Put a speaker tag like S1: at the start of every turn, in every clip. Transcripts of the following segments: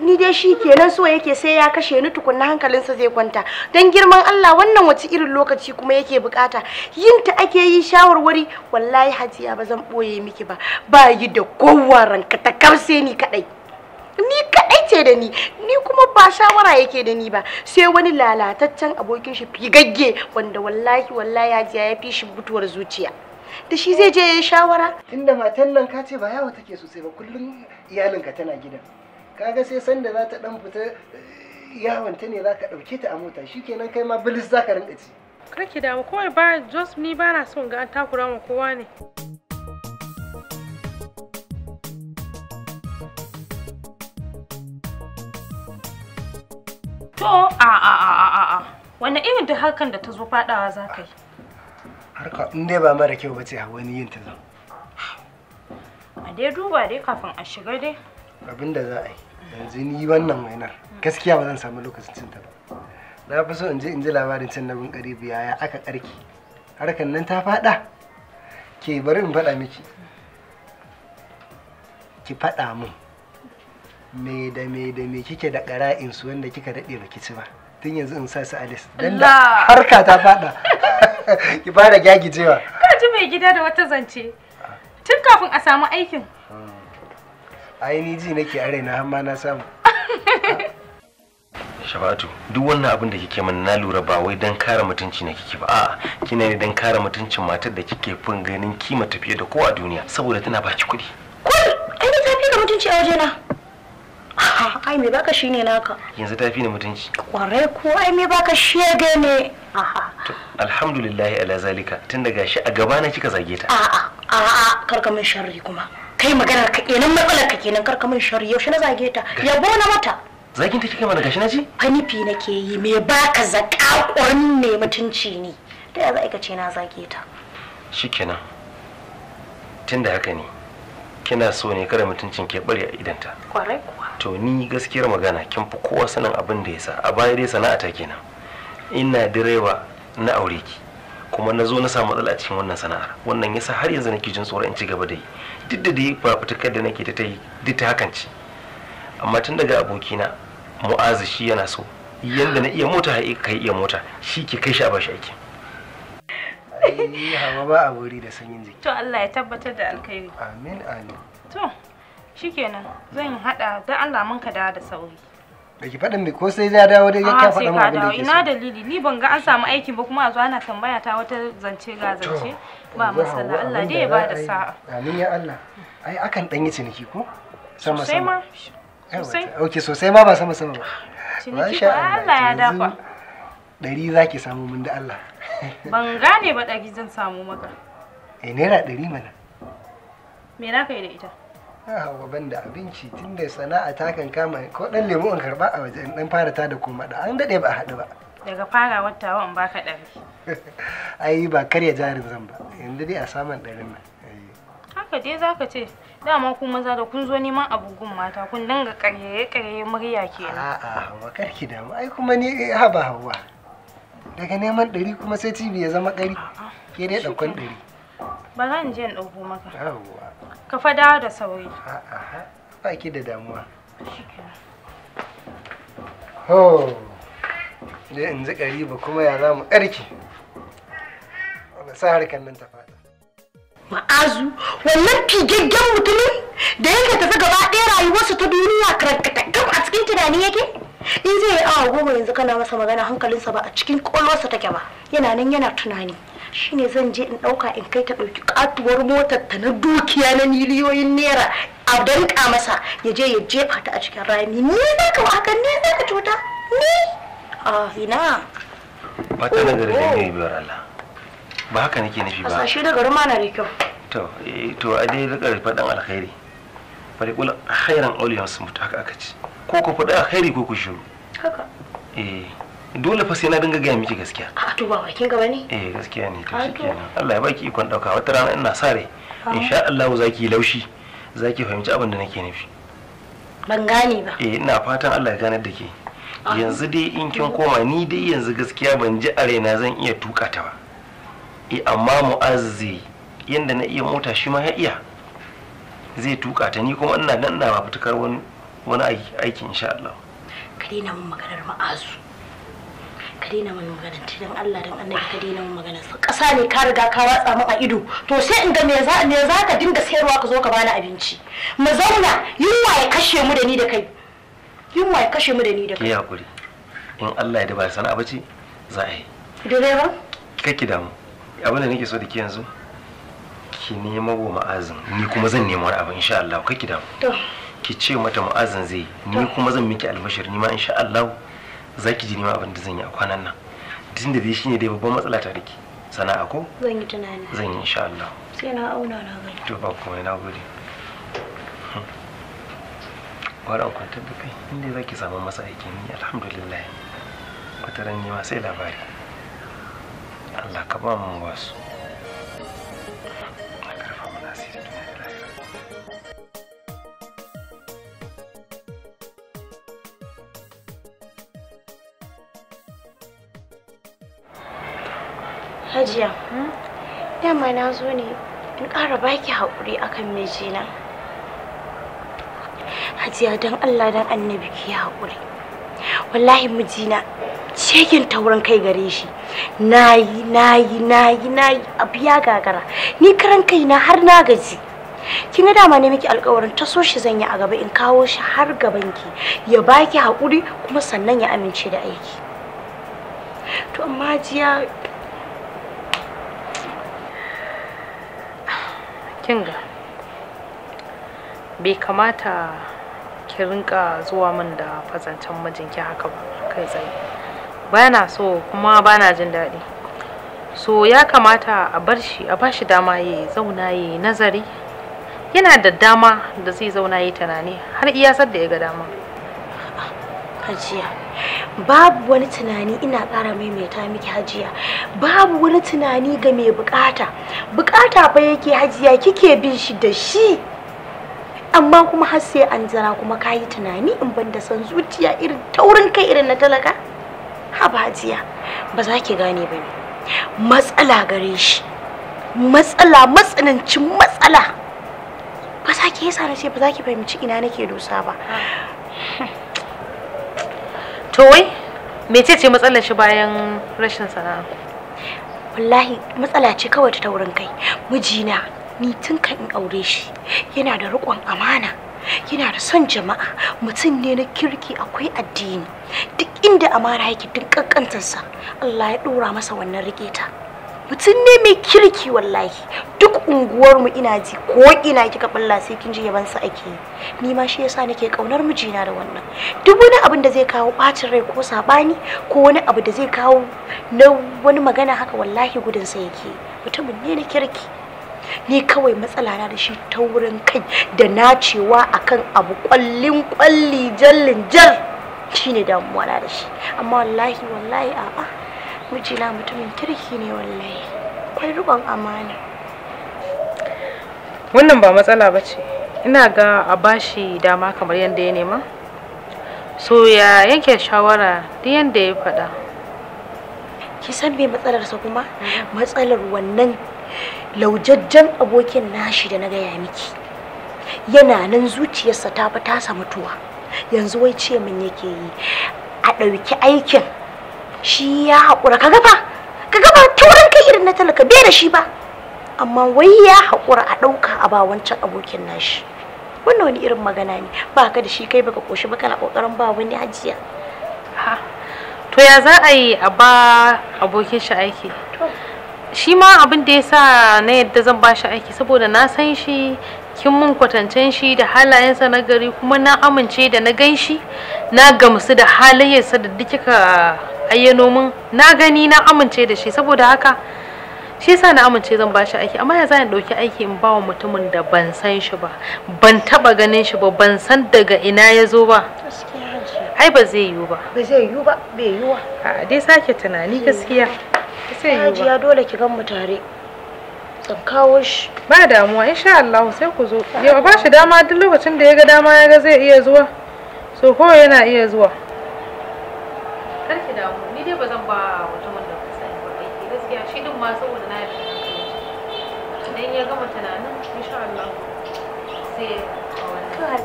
S1: ni dai shi kenan so yake sai ya kashe ni tukunna hankalinsa zai kwanta don girman Allah wannan wace irin lokaci kuma yake bukata yin ta ake yi shawarwari wallahi hajiya ba zan boye miki ba ba yi da kowa ranka ta karse ni kadai ni kadai ce da ni ni kuma ba shawara yake da ni ba sai wani lalataccen abokin shi figagge wanda wallahi wallahi hajiya
S2: ya fi shi mutuwar zuciya da shi zai je ya yi shawara tunda matan nan ka ce ba yawa take sosai ba kullum iyalinka tana gidan kaga sai sanda za ta dan fita eh, yawon ta ne za ka ɗauke ta a mota shi shikenan kai ma bilis za ka rinka ci
S3: kar ki damu kawai ba jos ni ba na son ga an takura ma kowa ne to a a a a a wani irin da harkan da ta zo fadawa za ka yi
S2: harka in dai ba mara kyau bace a wani yin ta zan
S3: a dai duba dai kafin a shiga dai
S2: abin da za a yi yanzu ni wannan mainar. gaskiya ba zan samu lokacin cin ta ba na fi so in je in ji labarin cin nabin karibi yaya aka karki harkan nan ta fada ke bari in faɗa miki ki faɗa mun. me da me da me kike da ƙara'in su wanda kika daɗe baki ci ba tun yanzu in sa su alis dan da harka ta fada ki fara gyagijewa
S3: ka ji mai gida da wata zance tun kafin a samu aikin
S2: ai ni ji nake are na har ma na samu
S4: Shafatu duk wannan abin da kike mana na lura ba wai dan kare mutunci na kike ba a'a kina ne dan kare mutuncin matar da kike fin ganin kima tafiye da kowa a duniya saboda tana baki kuɗi
S1: kul ai ne tafi da mutunci a wajena ai me baka shine naka
S4: yanzu tafi da mutunci
S1: kwarai ko ai me baka shege ne
S4: alhamdulillah ala zalika tun daga shi a gaba na kika zage ta
S1: a'a a'a ka min sharri kuma kai maganar ka kenan matsalar ka kenan kar ka min shari yaushe na zage ta yabo na mata
S4: zagin ta kike mana gashi na ji
S1: fanifi nake yi me baka zakakurin ne, mutunci ne da ya za ka ce na zage ta
S4: shikenan tunda haka ne kina so ne kada mutuncin ke bari a idanta kwarai kuwa to ni gaskiyar magana kin fi kowa sanin abin da yasa a baya dai sana'a ta kenan ina direba na aure ki kuma na zo na samu matsala a cikin wannan sana'ar wannan yasa har yanzu nake jin tsoron in ci gaba da yi duk da dai fafutukar da nake ta yi duk ta hakan ce amma tun daga abokina mu'azu shi yana so yanda na iya mota eh, ka iya mota shi ke kai shi a bashi aiki
S2: eh, hawa ba a wuri da sanyin jiki
S3: to Allah ya tabbatar da alkhairi
S2: amin amin
S3: to shikenan zan hada dan Allah mun ka da sauri
S2: Baki ki faɗin ko sai ya dawo dai ya faɗa mu abin da yake ina
S3: dalili ni ban ga an samu aikin ba kuma a zo ana tambaya ta wata zance ga zance ba masala Allah dai ya bada sa'a
S2: amin ya Allah ai akan dan yi ciniki ko sama sama sosai okay sosai ma ba sama sama ba
S3: ciniki ba Allah ya dafa
S2: Dari zaki samu mun da Allah
S3: ban gane ba ɗari zan samu maka
S2: eh naira ɗari mana
S3: me na kai da ita
S2: yawa ban da abinci tunda sana'a ta kan kama ko dan lemu in karba a waje in dan fara ta da koma da an dade ba a haɗu ba
S3: daga fara wata wa in baka ɗari
S2: ai ba karya jarin zan ba yanzu dai a saman ɗarin nan eh.
S3: haka dai zaka ce dama ku maza da kun zo neman abubuwan mata kun dinga karyaye karyaye murya kenan a'a
S2: ba karki damu ai kuma ni eh, haba hawa daga neman ɗari kuma sai TV ya zama ɗari ke dai ɗaukan ɗari
S3: ba zan je in ɗauko maka yawwa Ka fa dawo da sauri.
S2: A'a, ba ki da damuwa. Ho, da in ji ƙariba kuma ya za mu ƙarki. Wanda sa harkar nan ta faɗa.
S1: Ma'azu, wannan figaggen mutumin da yake tafi gaba ɗaya rayuwarsa ta duniya karkatakkan a cikin tunani yake? In zai yi awa goma yanzu kana masa magana hankalinsa ba a cikin ƙwaƙwalwarsa take ba. Yana nan yana tunani. shine zan je in ɗauka in kai ta ɗauki katuwar motar ta na dukiya na miliyoyin naira a danka masa ya je ya jefa ta a cikin rami ni za ka haka ne za ka cuta ni a ina
S4: ba ta nan da ne biyar Allah ba haka nake nufi ba a
S1: da garin na da kyau
S4: to eh, to a dai rika fadan alkhairi bari kula khairan auliya mutu haka aka ci ko ku fada alkhairi ko ku shiru haka eh dole fa sai na dinga gaya miki gaskiya
S1: a ah, to ba bakin gaba ne
S4: eh gaskiya ne ah, to shikenan Allah ya baki ikon dauka wata rana ina sa rai ah. insha Allah zaki yi laushi zaki fahimci abin da nake nufi
S1: ban gane ba
S4: eh ina fatan Allah ya ganar da ke yanzu dai in kin koma ni dai yanzu gaskiya ban ji a raina zan iya tuka ta ba eh amma mu'azzi yanda na iya mota shi ma ya iya zai tuka ta ni kuma ina nan ina mafitukar wani wani aiki insha Allah
S1: ka daina mun maganar ma'azu ka daina mana magana dan Allah dan annabi ka daina mana magana kasa ne ka riga ka watsa mu a ido to sai in ga me za me za ka dinga sayarwa ka zo ka bani abinci mu zauna yunwa ya kashe mu da ni da kai yunwa ya kashe mu da ni da kai
S4: ki hakuri in Allah ya da ba sana'a bace za a yi direba kake damu abin da nake so da ke yanzu ki nemo wa ma'azin ni kuma zan nemo wani abu insha Allah kake damu to ki ce mata ma'azin zai ni kuma zan miki albashir ni ma insha Allah za ki ji ma abin da zan yi a kwanan nan tun da dai shine dai babban matsala ta rike sana'a ko
S1: zan yi tunani
S4: zan yi insha Allah
S1: sai na auna na gani
S4: to ba kuma na gode wani an kwantar da kai inda za ki samu masa aiki ni alhamdulillah wata ran ma sai labari Allah ka ba mu wasu
S1: dama na zo ne in ƙara baki haƙuri akan mijina hajiya don allah don annabi ki haƙuri wallahi mijina cikin taurin kai gare shi nayi nayi nayi nayi abu ya gagara ni karan kai na har na gaji kin ga dama ne miki alƙawarin ta so shi zan yi a gaba in kawo shi har gaban ki ya baki haƙuri kuma sannan ya amince da aiki to amma jiya
S3: kinga bai kamata ki rinka zuwa min da fazancen mijinki haka ba kai tsaye bana so kuma bana jin daɗi so ya kamata a bar shi a bashi dama ya zauna ya nazari yana da dama da zai zauna ya tunani har iya da ya ga dama hajiya
S1: babu wani tunani ina ƙara maimaita miki hajiya babu wani tunani ga mai bukata bukata fa yake hajiya kike bin shi da shi amma kuma har sai an jira kuma kayi tunani in ban da san zuciya irin taurin kai irin na talaka ha ba hajiya ba za ki gane ba ne matsala gare shi matsala matsanancin matsala ba za ki yasa na ba za ki fahimci ina nake dosa ba ah. to wai mece ce matsalar shi bayan rashin sana'a wallahi matsala ce kawai ta taurin kai mijina ni tun kan in aure shi yana da riƙon amana yana da son jama'a mutum ne na kirki akwai addini duk inda amana yake duk kankantarsa Allah ya ɗora masa wannan riƙeta. mutum ne mai kirki wallahi duk unguwar mu ina ji ko ina kika balla sai kin ji yaban sa ake ni ma shi yasa nake kaunar mijina da wannan duk wani abin da zai kawo bacin rai ko sabani ko wani abu da zai kawo na wani magana haka wallahi gudun sa yake mutumin ne na kirki ni kawai matsala na da shi ta wurin kai da na nacewa akan abu kwallin kwalli jallin jar shine damuwa na da shi amma wallahi wallahi a'a mijina mutumin kirki ne wallahi akwai riƙon amana
S3: wannan ba matsala ba ce ina ga a bashi dama kamar yadda ya nema so ya yanke shawara duk yadda ya faɗa
S1: ki san me matsalarsa kuma matsalar wannan laujajjen abokin nashi da na gaya miki yana nan zuciyarsa ta fi tasa mutuwa yanzu wai ce min yake yi a ɗauki aikin shi ya haƙura ka gaba ka gaba taurin kai irin na talaka bai da shi ba amma wai ya haƙura a ɗauka a ba wancan abokin nashi wannan wani irin magana ne ba ka da shi kai baka koshi ba kana ƙoƙarin ba wani ajiya. ha
S3: to ya za a yi a ba abokin shi aiki shi ma abin da ya sa na yadda zan ba shi aiki saboda na san shi kin mun kwatancen shi da halayensa na gari kuma na amince da na gan shi na gamsu da halayensa da duk kika ayyano nomin na gani na amince da shi saboda haka shi yasa na amince zan ba shi aiki amma ya za in ɗauki aiki in ba wa mutumin da ban san shi ba ban taɓa ganin shi ba ban san daga ina ya zo ba ai ba zai yiwu ba ba zai yiwu ba bai yiwu ba dai sake tunani gaskiya sai yiwu dole ki gan mu tare zan kawo shi ba damuwa insha Allah sai ku zo yau ba shi dama duk lokacin da ya ga dama ya ga zai iya zuwa so ko yana iya zuwa damu ni dai ba zan ba mutumin da ba sani ba aiki gaskiya shi din ma saboda na yarda da idan ya gama tunanin insha Allah sai a wannan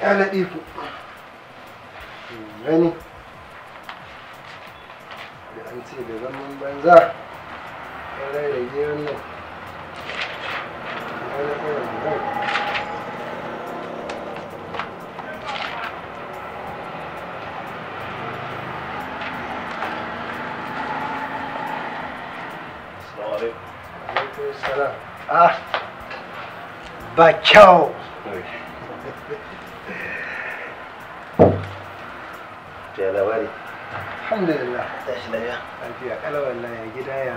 S2: ya naɗi ku gani sun ce da zaman banza ya rarrage wannan wani irin nan Assalamu Ah, ba kyau. kala wallahi gida ya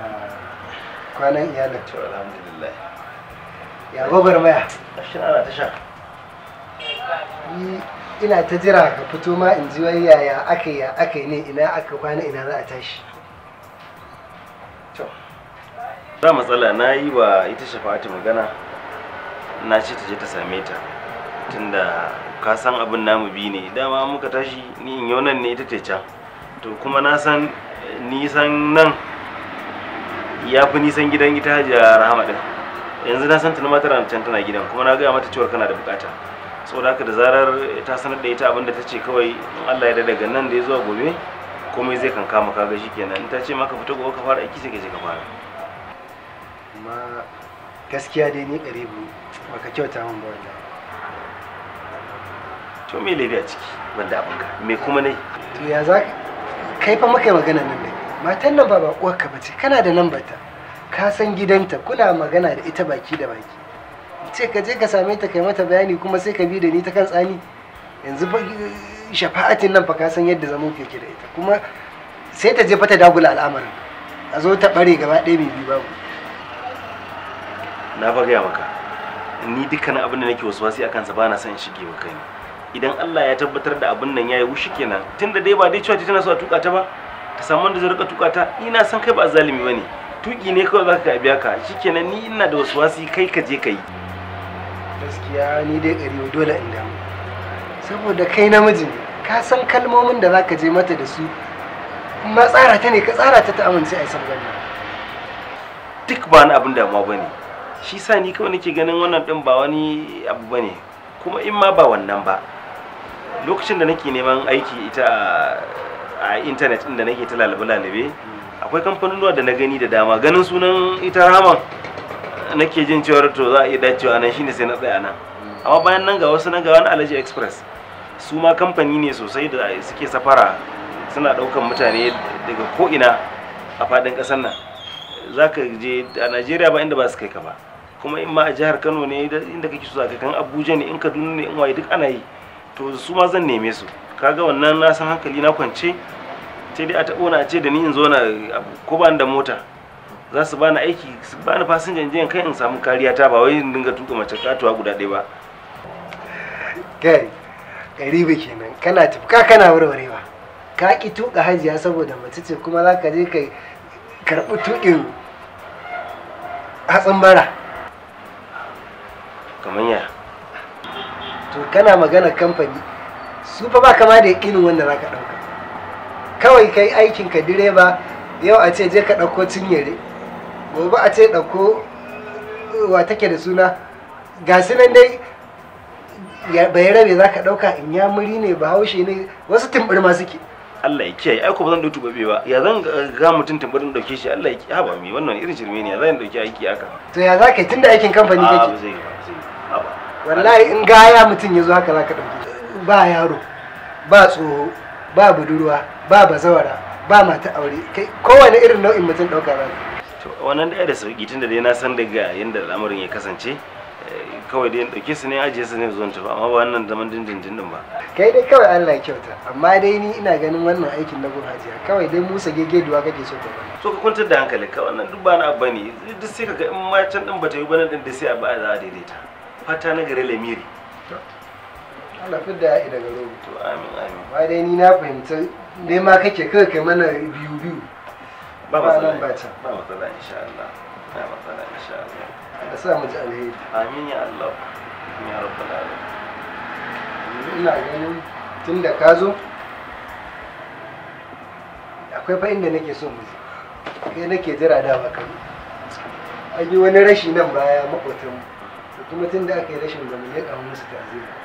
S2: kwanan iyalin to alhamdulillah ya gobar maya ashin ana ta sha ina ta jira ka fito ma in ji wai yaya aka ya aka ne ina aka kwana ina za a tashi
S4: to ba matsala na yi wa ita shafa'atu magana na ce ta je ta same ta tunda ka san abin namu bi ne dama muka tashi ni in yau nan ne ita ce can to kuma na san nisan nan ya fi nisan gidan ita hajiya rahama din yanzu na san tuni ma tana can tana gidan kuma na gaya mata cewa kana da bukata saboda haka da zarar ta sanar da ita abinda ta ce kawai in Allah ya da daga nan da ya zuwa gobe komai zai kan kama kaga shikenan in ta ce maka fita gobe ka fara aiki sai ka je ka fara
S2: amma gaskiya dai ni karibu baka kyauta min ba wallahi
S4: to me lebi a ciki wanda abinka me kuma ne
S2: to ya za kai fa maka magana nan matan nan ba baƙuwarka ba ce kana da nan bata ka san gidanta kuna magana da ita baki da baki ce ka je ka same ta kai mata bayani kuma sai ka bi da ni ta kan tsani yanzu shafa'atin nan fa ka san yadda zaman ke da ita kuma sai ta je fata dagula al'amarin a zo ta bare gaba ɗaya mai biyu babu
S4: na faga maka ni dukkanin abin da nake wasu wasi akan sa ba na son shige maka ne idan Allah ya tabbatar da abin nan yayi wushi kenan tunda dai ba dai cewa tana so a tuka ta ba ka samu da zai rika tuka ta ina san kai ba zalimi bane tuki ne kawai zaka ka biya ka shikenan ni ina da wasu wasi kai ka je kai
S2: gaskiya ni dai ƙari dole in damu saboda kai namiji ka san kalmomin da zaka je mata da su kuma tsara ta ne ka tsara ta ta amince a yi
S4: duk ba ni abin damuwa bane shi sa ni kawai nake ganin wannan din ba wani abu bane kuma in ma ba wannan ba lokacin da nake neman aiki ita a a intanet inda nake ta lalabe-lalabe akwai kamfanonuwa da na gani da dama ganin sunan ita raman nake jin cewar to za a iya dacewa nan shine sai na tsaya nan amma bayan nan ga wasu na ga wani alaji express su ma kamfani ne sosai da suke safara suna ɗaukan mutane daga ko'ina a fadin kasar nan za ka je a najeriya ba inda ba su kai ka ba kuma in ma a jihar kano ne inda kake so za ka kan abuja ne in kaduna ne in waye duk ana yi to su ma zan neme su kaga wannan na san hankali na kwance sai dai a taɓo na ce da ni in zo na ko ba da mota za su bani aiki su bani fasinjan jiyan kai in samu kariya ta ba wai dinga tuka mace katuwa guda ɗaya ba
S2: kai ba kenan kana tuka kana warwarewa ka ki tuka hajiya saboda mace ce kuma za ka je ka karɓi tuƙin hatsin bara kamar ya to kana magana kamfani su fa ba kama da yakinin wanda za ka ɗauka kawai kai aikin ka direba yau a ce je ka ɗauko cinyere gobe a ce ɗauko wa take da suna ga nan dai bai rabe za ka ɗauka in ya muri ne haushe ne wasu masu suke
S4: Allah ya kiyaye ai ba zan dauki babe ba ya zan ga mutum tambarin dauke shi Allah ya kiyaye ba mi wannan irin shirme ne ya zan dauki aiki haka
S2: to ya zaka tunda aikin kamfani kake wallahi in gaya mutum ya zo haka ka dauki ba yaro ba tsoho ba budurwa ba bazawara ba mata aure kai kowane irin nau'in mutum ɗauka ba
S4: to wannan da da sauki tunda dai na san daga yadda al'amarin ya kasance eh, kawai dai ɗauke su ne ajiye su ne zuwan tafi amma ba wannan zaman dindindin din ba
S2: kai dai kawai Allah ya kyauta amma dai ni ina ganin wannan aikin na hajiya kawai dai musa duwa kake so ka so ka kwantar
S4: da hankali ka wannan duk ba na abu duk sai ka ga in ma can din bata yi ba nan din da sai a ba za a daidaita fata na gare lamiri
S2: Allah fi da ya daga rogo to amin amin ba dai ni na fahimta dai ma kake kai kai mana biyu biyu ba matsala
S4: ba ta ba matsala insha Allah ba matsala insha Allah Allah sa mu ji alheri amin ya
S2: Allah ya rabbal alamin ina ganin tunda ka zo akwai fa inda nake so mu je kai nake jira da maka an yi wani rashi nan baya makotan kuma tun da aka yi rashin zamanai a musu ta'azira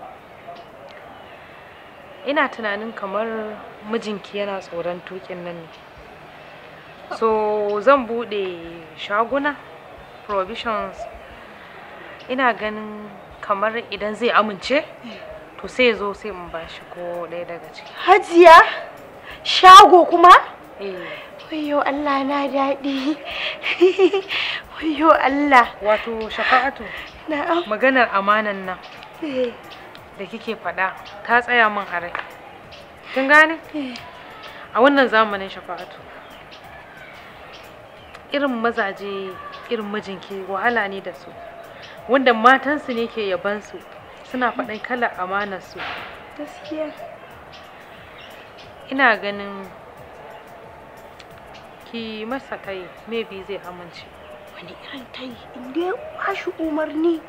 S3: ina tunanin kamar mijinki yana tsoron tukin nan ne so zan bude shaguna provisions ina ganin kamar idan zai amince to sai zo sai in bashi ko ɗaya daga ciki hajiya
S1: shago kuma eh. Wayo Allah na daɗi.
S3: Wayo Allah. Wato shafa'atu. Na'am. Maganar amanan nan. Eh. Da kike faɗa. ta tsaya min a rai kin gane a wannan zamanin shafa'atu irin mazaje irin mijinki wahala ne da su wanda matansu ne ke yabansu suna faɗin kalar amanarsu gaskiya ina ganin ki masa tai maybe zai amince wani irin tai inda ya kwashi umarni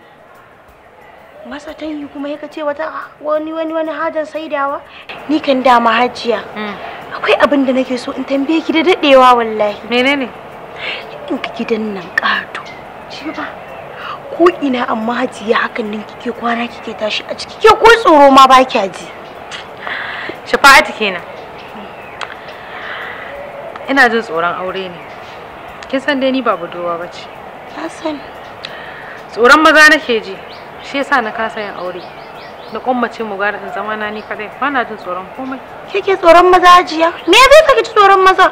S1: masa ta yi kuma ya ce wata wani wani wani hajan saidawa ni kan dama hajiya mm. akwai abin da nake so in tambaye ki da dadewa wallahi menene in ka gidan nan kato shi ba ko ina amma hajiya hakan nan kike
S3: kwana kike tashi a ciki ke ko tsoro ma ba kya ji shafa'atu kenan ina jin tsoron aure ne kin san dai ni ba budurwa bace ta sani tsoron maza nake ji shi yasa na kasa yin aure na kummace mu gara in zama na ni kadai ba na jin tsoron komai ke tsoron maza ajiya me zai saki ji tsoron maza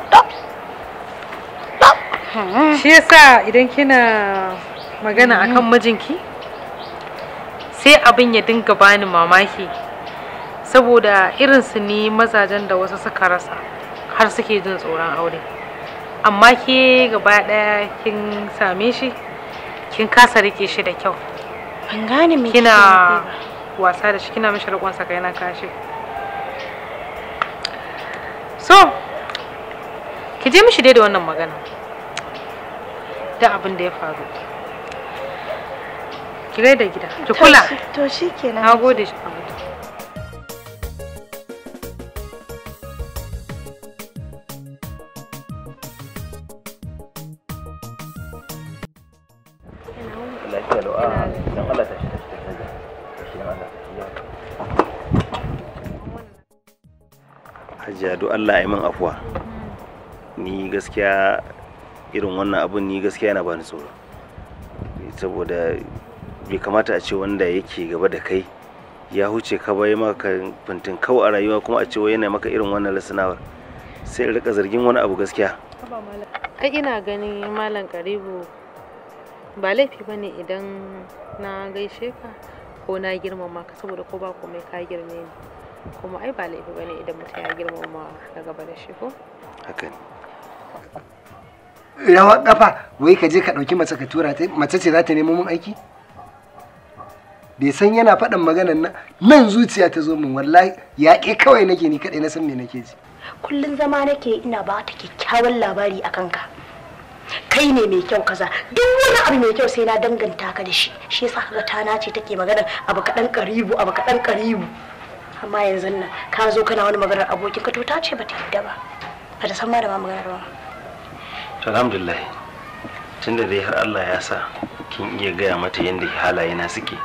S3: hmm. shi yasa idan kina magana hmm. akan mijinki sai abin ya dinga bani mamaki saboda irin su ne mazajen da wasu suka rasa har suke jin tsoron aure amma ke gaba daya kin same shi kin kasa rike shi da kyau ban gane me kina wasa da shi kina mishi rikon saka yana kashi so ki je mishi dai da wannan magana da abin da ya faru ki da gida ki kula to shikenan nagode shi
S4: lafiya Allah ta shi cikin shi Allah Allah ya min afuwa ni gaskiya irin wannan abun ni gaskiya yana bani tsoro saboda bai kamata a ce wanda yake gaba da kai ya huce ka bai maka fintin kau a rayuwa kuma a ce yana maka irin wannan lasanawar sai rika zargin wani abu gaskiya
S3: ai ina ganin malam karibu ba laifi ba ne idan na gaishe ka ko na girmama ka saboda ko ba komai ka girme ni kuma ai ba laifi ba ne idan mutum ya girmama na gaba da shi ko
S2: rawa kafa wai ka je ka ɗauki mace ka tura ta mace ce za ta nemo mun aiki bai san yana faɗin maganar nan nan zuciya ta zo min wallahi ke kawai nake ni kaɗai na san me nake ji
S1: kullum zama nake ina ba ta kyakkyawan labari akan ka kai ne mai kyau kaza duk wani abu mai kyau sai na danganta ka da shi shi yasa kaga tana ce take magana abu kaɗan karibu abu kaɗan karibu amma yanzu nan ka zo kana wani maganar abokin ka to ta ce bata yadda ba bata san ma da ma maganar ba
S4: alhamdulillah tunda dai har Allah ya sa kin iya gaya mata yadda halaye na suke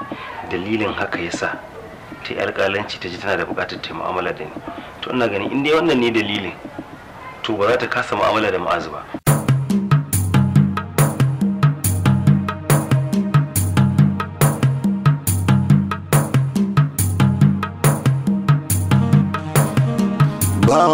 S4: dalilin haka yasa ta yi alƙalanci ta ji tana da buƙatar ta mu'amala da ni to ina ganin in dai wannan ne dalilin to ba za ta kasa mu'amala da ma'azu ba